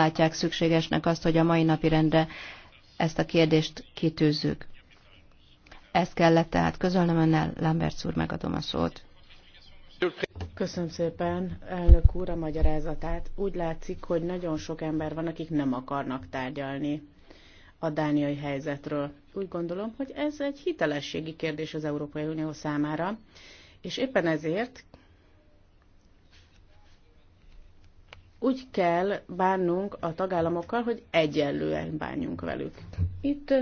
látják szükségesnek azt, hogy a mai napi rendre ezt a kérdést kitűzzük. Ezt kellett tehát közölnöm önnel, Lambert úr, megadom a szót. Köszönöm szépen, elnök úr, a magyarázatát. Úgy látszik, hogy nagyon sok ember van, akik nem akarnak tárgyalni a dániai helyzetről. Úgy gondolom, hogy ez egy hitelességi kérdés az Európai Unió számára, és éppen ezért úgy kell bánnunk a tagállamokkal, hogy egyenlően bánjunk velük. Itt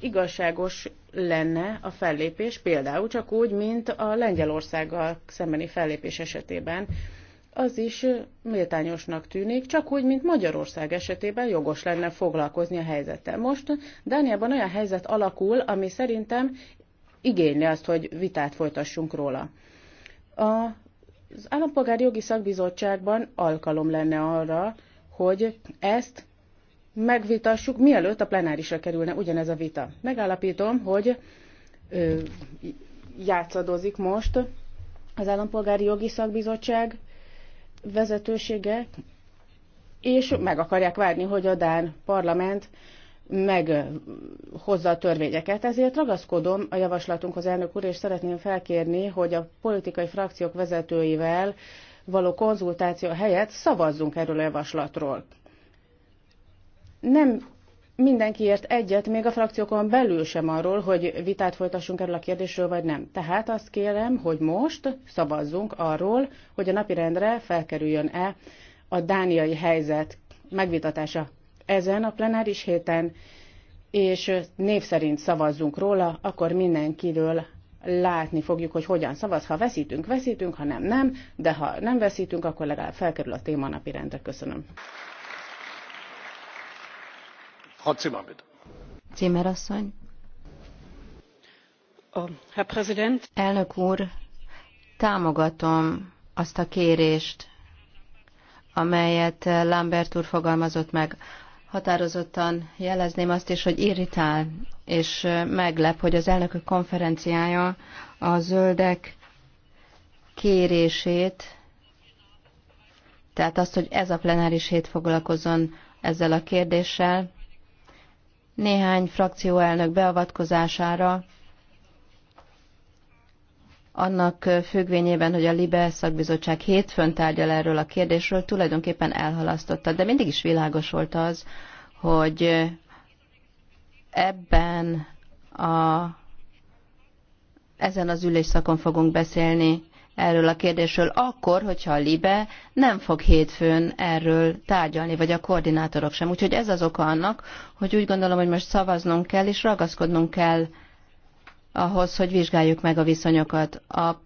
igazságos lenne a fellépés, például csak úgy, mint a Lengyelországgal szembeni fellépés esetében, az is méltányosnak tűnik, csak úgy, mint Magyarország esetében jogos lenne foglalkozni a helyzettel. Most Dániában olyan helyzet alakul, ami szerintem igényli azt, hogy vitát folytassunk róla. A az Állampolgári Jogi Szakbizottságban alkalom lenne arra, hogy ezt megvitassuk, mielőtt a plenárisra kerülne ugyanez a vita. Megállapítom, hogy ö, játszadozik most az Állampolgári Jogi Szakbizottság vezetősége, és meg akarják várni, hogy a Dán parlament meghozza a törvényeket. Ezért ragaszkodom a javaslatunkhoz, elnök úr, és szeretném felkérni, hogy a politikai frakciók vezetőivel való konzultáció helyett szavazzunk erről a javaslatról. Nem mindenki ért egyet, még a frakciókon belül sem arról, hogy vitát folytassunk erről a kérdésről, vagy nem. Tehát azt kérem, hogy most szavazzunk arról, hogy a napirendre felkerüljön-e a dániai helyzet megvitatása ezen a plenáris héten, és név szerint szavazzunk róla, akkor mindenkiről látni fogjuk, hogy hogyan szavaz. Ha veszítünk, veszítünk, ha nem, nem, de ha nem veszítünk, akkor legalább felkerül a téma napirendre. Köszönöm. Címerasszony. Herr Präsident. Elnök úr, támogatom azt a kérést, amelyet Lambert úr fogalmazott meg Határozottan jelezném azt is, hogy irritál és meglep, hogy az elnökök konferenciája a zöldek kérését, tehát azt, hogy ez a plenáris hét foglalkozzon ezzel a kérdéssel, néhány frakcióelnök beavatkozására annak függvényében, hogy a LIBE szakbizottság hétfőn tárgyal erről a kérdésről, tulajdonképpen elhalasztotta. De mindig is világos volt az, hogy ebben a, ezen az ülésszakon fogunk beszélni erről a kérdésről, akkor, hogyha a LIBE nem fog hétfőn erről tárgyalni, vagy a koordinátorok sem. Úgyhogy ez az oka annak, hogy úgy gondolom, hogy most szavaznunk kell, és ragaszkodnunk kell ahhoz, hogy vizsgáljuk meg a viszonyokat. A,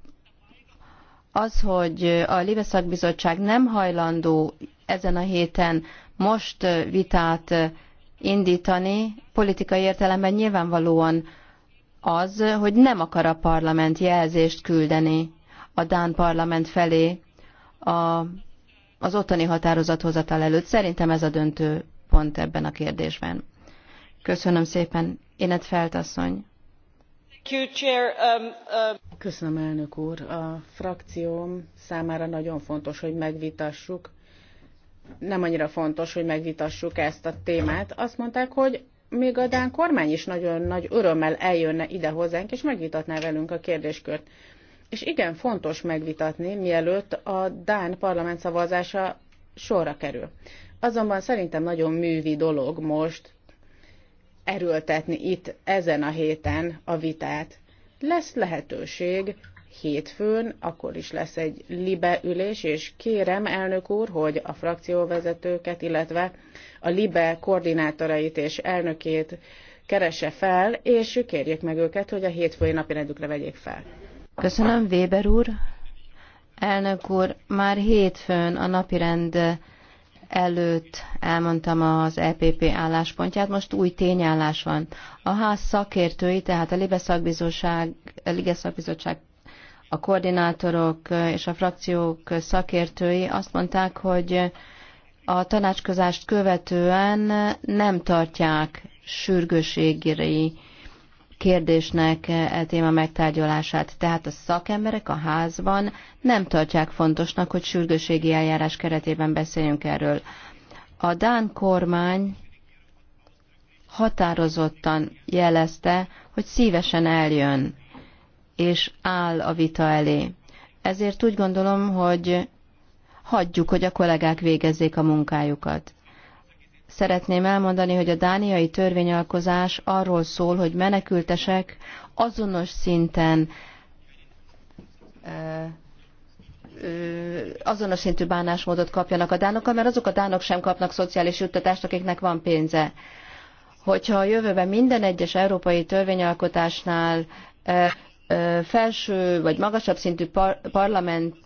az, hogy a Liveszakbizottság Bizottság nem hajlandó ezen a héten most vitát indítani, politikai értelemben nyilvánvalóan az, hogy nem akar a parlament jelzést küldeni a Dán parlament felé a, az ottani határozathozatal előtt. Szerintem ez a döntő pont ebben a kérdésben. Köszönöm szépen, Énet Feltasszony. Um, uh, Köszönöm, elnök úr. A frakcióm számára nagyon fontos, hogy megvitassuk. Nem annyira fontos, hogy megvitassuk ezt a témát. Azt mondták, hogy még a Dán kormány is nagyon nagy örömmel eljönne ide hozzánk, és megvitatná velünk a kérdéskört. És igen, fontos megvitatni, mielőtt a Dán parlament szavazása sorra kerül. Azonban szerintem nagyon művi dolog most erőltetni itt ezen a héten a vitát. Lesz lehetőség hétfőn, akkor is lesz egy libe ülés, és kérem, elnök úr, hogy a frakcióvezetőket, illetve a libe koordinátorait és elnökét keresse fel, és kérjék meg őket, hogy a hétfői napirendükre vegyék fel. Köszönöm, Weber úr. Elnök úr, már hétfőn a napirend előtt elmondtam az EPP álláspontját, most új tényállás van. A ház szakértői, tehát a Libe szakbizottság, a Libe szakbizottság a koordinátorok és a frakciók szakértői azt mondták, hogy a tanácskozást követően nem tartják sürgőségére kérdésnek e, e téma megtárgyalását. Tehát a szakemberek a házban nem tartják fontosnak, hogy sürgőségi eljárás keretében beszéljünk erről. A Dán kormány határozottan jelezte, hogy szívesen eljön, és áll a vita elé. Ezért úgy gondolom, hogy hagyjuk, hogy a kollégák végezzék a munkájukat szeretném elmondani, hogy a dániai törvényalkozás arról szól, hogy menekültesek azonos szinten azonos szintű bánásmódot kapjanak a dánok, mert azok a dánok sem kapnak szociális juttatást, akiknek van pénze. Hogyha a jövőben minden egyes európai törvényalkotásnál felső vagy magasabb szintű par parlament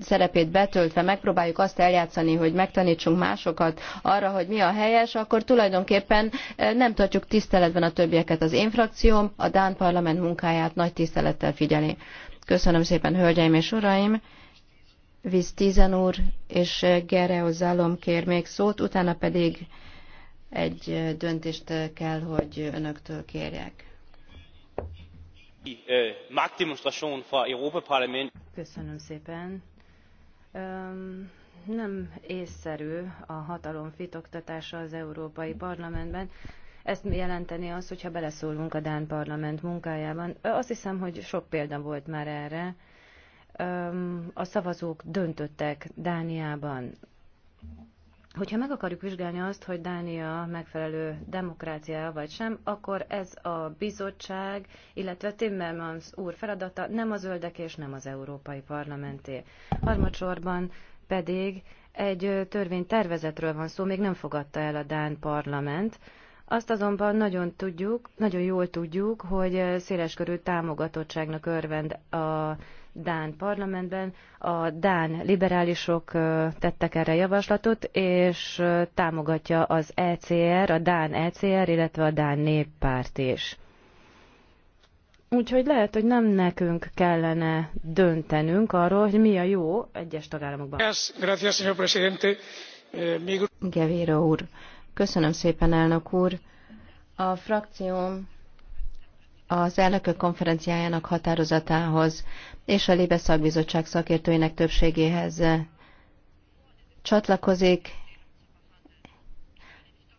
szerepét betöltve megpróbáljuk azt eljátszani, hogy megtanítsunk másokat arra, hogy mi a helyes, akkor tulajdonképpen nem tartjuk tiszteletben a többieket. Az én frakcióm a Dán parlament munkáját nagy tisztelettel figyeli. Köszönöm szépen, hölgyeim és uraim! Visz Tizen úr és Gereo Zalom kér még szót, utána pedig egy döntést kell, hogy önöktől kérjek. Øh, Europa Parlament. Köszönöm szépen. Um, nem észszerű a hatalom fitoktatása az Európai Parlamentben. Ezt jelenteni az, hogyha beleszólunk a Dán Parlament munkájában. Azt hiszem, hogy sok példa volt már erre. Um, a szavazók döntöttek Dániában Hogyha meg akarjuk vizsgálni azt, hogy Dánia megfelelő demokrácia vagy sem, akkor ez a bizottság, illetve Timmermans úr feladata nem a zöldek és nem az Európai Parlamenté. Harmadsorban pedig egy törvénytervezetről van szó, még nem fogadta el a Dán parlament. Azt azonban nagyon tudjuk, nagyon jól tudjuk, hogy széleskörű támogatottságnak örvend a Dán parlamentben. A Dán liberálisok tettek erre javaslatot, és támogatja az ECR, a Dán ECR, illetve a Dán néppárt is. Úgyhogy lehet, hogy nem nekünk kellene döntenünk arról, hogy mi a jó egyes tagállamokban. Eh, Gevira úr. Köszönöm szépen, elnök úr. A frakcióm az elnökök konferenciájának határozatához és a Lébe szakbizottság szakértőinek többségéhez csatlakozik,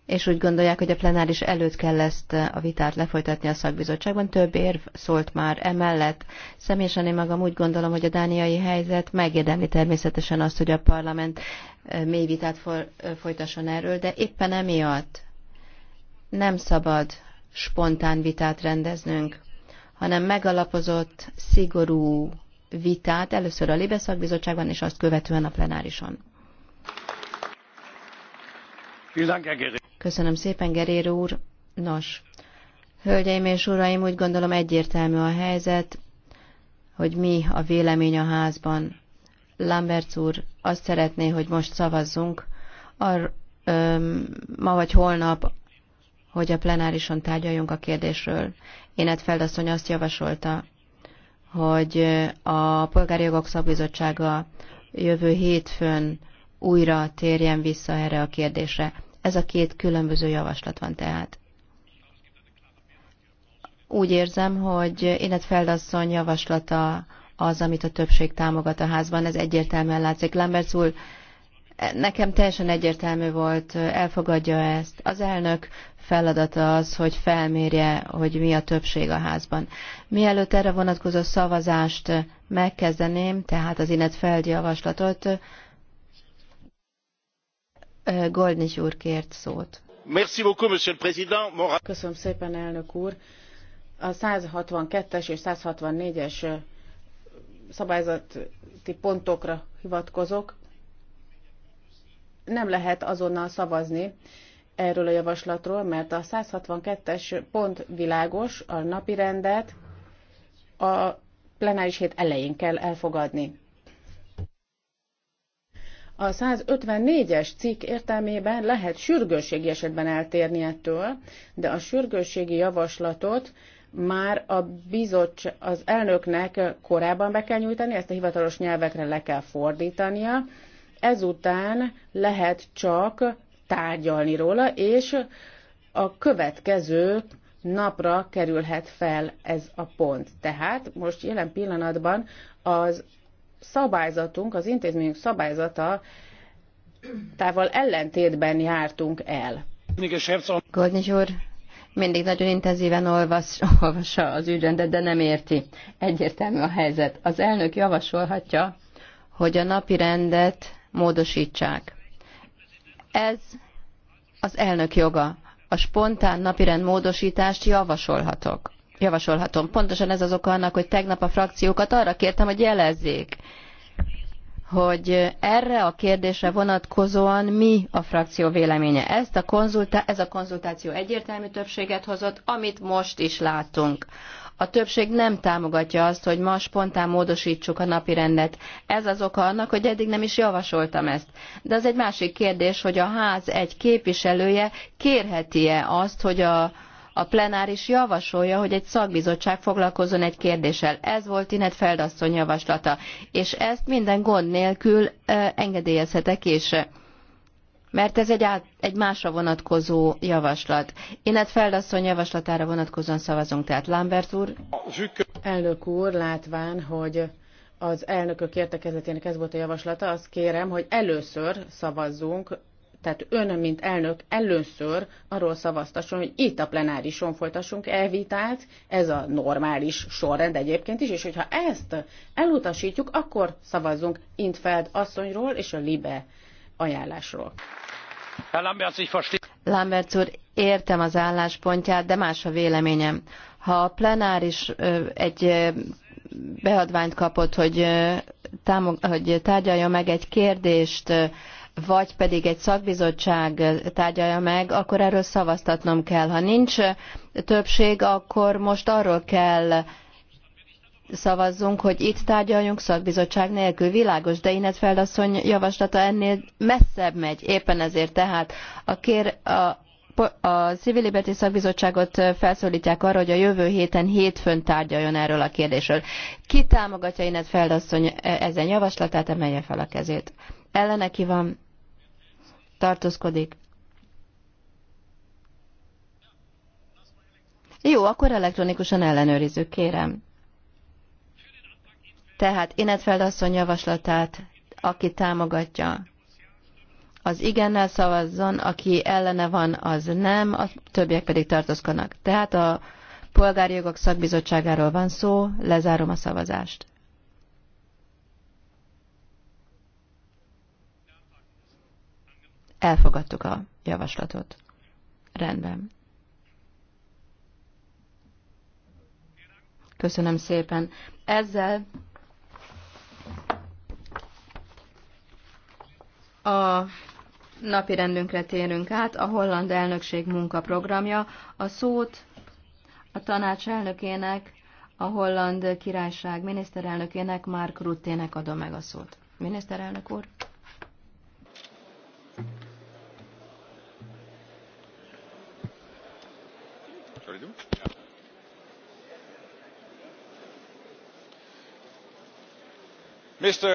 és úgy gondolják, hogy a plenáris előtt kell ezt a vitát lefolytatni a szakbizottságban. Több érv szólt már emellett. Személyesen én magam úgy gondolom, hogy a dániai helyzet megérdemli természetesen azt, hogy a parlament eh, mély vitát eh, folytasson erről, de éppen emiatt nem szabad spontán vitát rendeznünk, hanem megalapozott, szigorú vitát először a Libeszak Bizottságban, és azt követően a plenárison. Köszönöm szépen, Gerér úr. Nos, hölgyeim és uraim, úgy gondolom egyértelmű a helyzet, hogy mi a vélemény a házban. Lambert úr azt szeretné, hogy most szavazzunk ar, ö, ma vagy holnap hogy a plenárison tárgyaljunk a kérdésről. Énet Feldasszony azt javasolta, hogy a Polgári Jogok Szabizottsága jövő hétfőn újra térjen vissza erre a kérdésre. Ez a két különböző javaslat van tehát. Úgy érzem, hogy Énet Feldasszony javaslata az, amit a többség támogat a házban, ez egyértelműen látszik. Lamberts úr Nekem teljesen egyértelmű volt, elfogadja ezt. Az elnök feladata az, hogy felmérje, hogy mi a többség a házban. Mielőtt erre vonatkozó szavazást megkezdeném, tehát az inet feldjavaslatot, Goldnich úr kért szót. Köszönöm szépen, elnök úr. A 162-es és 164-es szabályzati pontokra hivatkozok nem lehet azonnal szavazni erről a javaslatról, mert a 162-es pont világos, a napi rendet a plenáris hét elején kell elfogadni. A 154-es cikk értelmében lehet sürgősségi esetben eltérni ettől, de a sürgősségi javaslatot már a bizottság, az elnöknek korábban be kell nyújtani, ezt a hivatalos nyelvekre le kell fordítania, ezután lehet csak tárgyalni róla, és a következő napra kerülhet fel ez a pont. Tehát most jelen pillanatban az szabályzatunk, az intézményünk szabályzata távol ellentétben jártunk el. Gornyi úr mindig nagyon intenzíven olvas, olvassa az ügyrendet, de nem érti. Egyértelmű a helyzet. Az elnök javasolhatja, hogy a napi rendet módosítsák. Ez az elnök joga. A spontán napirend módosítást javasolhatok. Javasolhatom. Pontosan ez az oka annak, hogy tegnap a frakciókat arra kértem, hogy jelezzék, hogy erre a kérdésre vonatkozóan mi a frakció véleménye. Ezt a konzultá- ez a konzultáció egyértelmű többséget hozott, amit most is látunk. A többség nem támogatja azt, hogy ma spontán módosítsuk a napi rendet. Ez az oka annak, hogy eddig nem is javasoltam ezt. De az egy másik kérdés, hogy a ház egy képviselője kérheti-e azt, hogy a, a plenáris javasolja, hogy egy szakbizottság foglalkozzon egy kérdéssel. Ez volt Inet Feldasszony javaslata, és ezt minden gond nélkül engedélyezhetek is. Mert ez egy, át, egy másra vonatkozó javaslat. Inet Feldasszony javaslatára vonatkozóan szavazunk, tehát Lambert úr. Elnök úr, látván, hogy az elnökök értekezletének ez volt a javaslata, azt kérem, hogy először szavazzunk tehát ön, mint elnök először arról szavaztasson, hogy itt a plenárison folytassunk elvitát, ez a normális sorrend egyébként is, és hogyha ezt elutasítjuk, akkor szavazzunk Intfeld asszonyról és a Libe ajánlásról. Lambert úr, értem az álláspontját, de más a véleményem. Ha a plenáris egy beadványt kapott, hogy, támog, hogy tárgyalja meg egy kérdést, vagy pedig egy szakbizottság tárgyalja meg, akkor erről szavaztatnom kell. Ha nincs többség, akkor most arról kell szavazzunk, hogy itt tárgyaljunk szakbizottság nélkül. Világos, de Inet Feldasszony javaslata ennél messzebb megy. Éppen ezért tehát a, kér, a, a Civil Liberty Szakbizottságot felszólítják arra, hogy a jövő héten hétfőn tárgyaljon erről a kérdésről. Ki támogatja Inet Feldasszony ezen javaslatát, emelje fel a kezét. Ellene ki van? tartózkodik. Jó, akkor elektronikusan ellenőrizzük, kérem. Tehát Inetfeld asszony javaslatát, aki támogatja, az igennel szavazzon, aki ellene van, az nem, a többiek pedig tartózkodnak. Tehát a Polgári Jogok Szakbizottságáról van szó, lezárom a szavazást. Elfogadtuk a javaslatot. Rendben. Köszönöm szépen. Ezzel a napi rendünkre térünk át, a holland elnökség munkaprogramja. A szót a tanács elnökének, a holland királyság miniszterelnökének, Mark Ruttének adom meg a szót. Miniszterelnök úr! vagyunk. Mr.